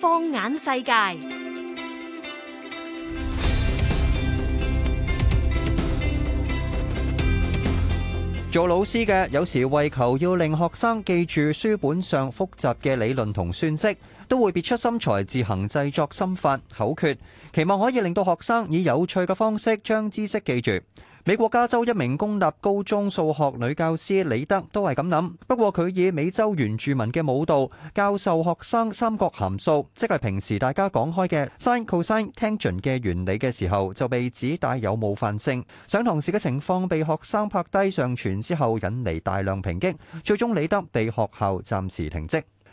放眼世界，做老師嘅有時為求要令學生記住書本上複雜嘅理論同算式，都會別出心裁自行製作心法口訣，期望可以令到學生以有趣嘅方式將知識記住。美國加州一名公立高中數學女教師李德都係咁諗，不過佢以美洲原住民嘅舞蹈教授學生三角函數，即係平時大家講開嘅 sine、cosine、tangent 嘅原理嘅時候，就被指帶有冒犯性。上堂時嘅情況被學生拍低上傳之後，引嚟大量抨擊，最終李德被學校暫時停職。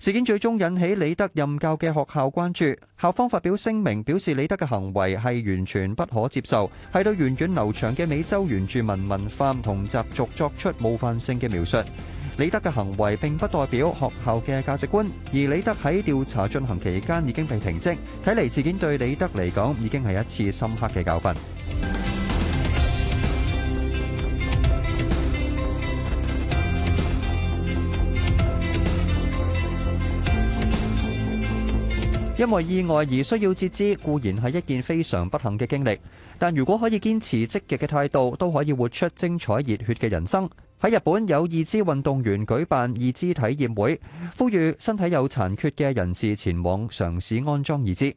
事件最終引起李德任教嘅學校關注，校方發表聲明表示李德嘅行為係完全不可接受，係對源遠流長嘅美洲原住民文化同習俗作出冒犯性嘅描述。李德嘅行為並不代表學校嘅價值觀，而李德喺調查進行期間已經被停職，睇嚟事件對李德嚟講已經係一次深刻嘅教訓。因為意外而需要截肢，固然係一件非常不幸嘅經歷，但如果可以堅持積極嘅態度，都可以活出精彩熱血嘅人生。喺日本，有義肢運動員舉辦義肢體驗會，呼籲身體有殘缺嘅人士前往嘗試安裝義肢。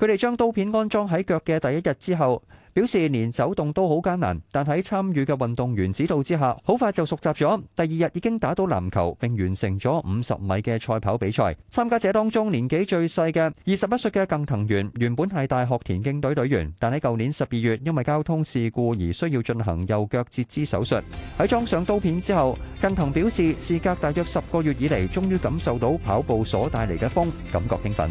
佢哋將刀片安裝喺腳嘅第一日之後，表示連走動都好艱難，但喺參與嘅運動員指導之下，好快就熟習咗。第二日已經打到籃球並完成咗五十米嘅賽跑比賽。參加者當中年紀最細嘅二十一歲嘅更藤原，原本係大學田徑隊隊員，但喺舊年十二月因為交通事故而需要進行右腳截肢手術。喺裝上刀片之後，更藤表示：事隔大約十個月以嚟，終於感受到跑步所帶嚟嘅風，感覺興奮。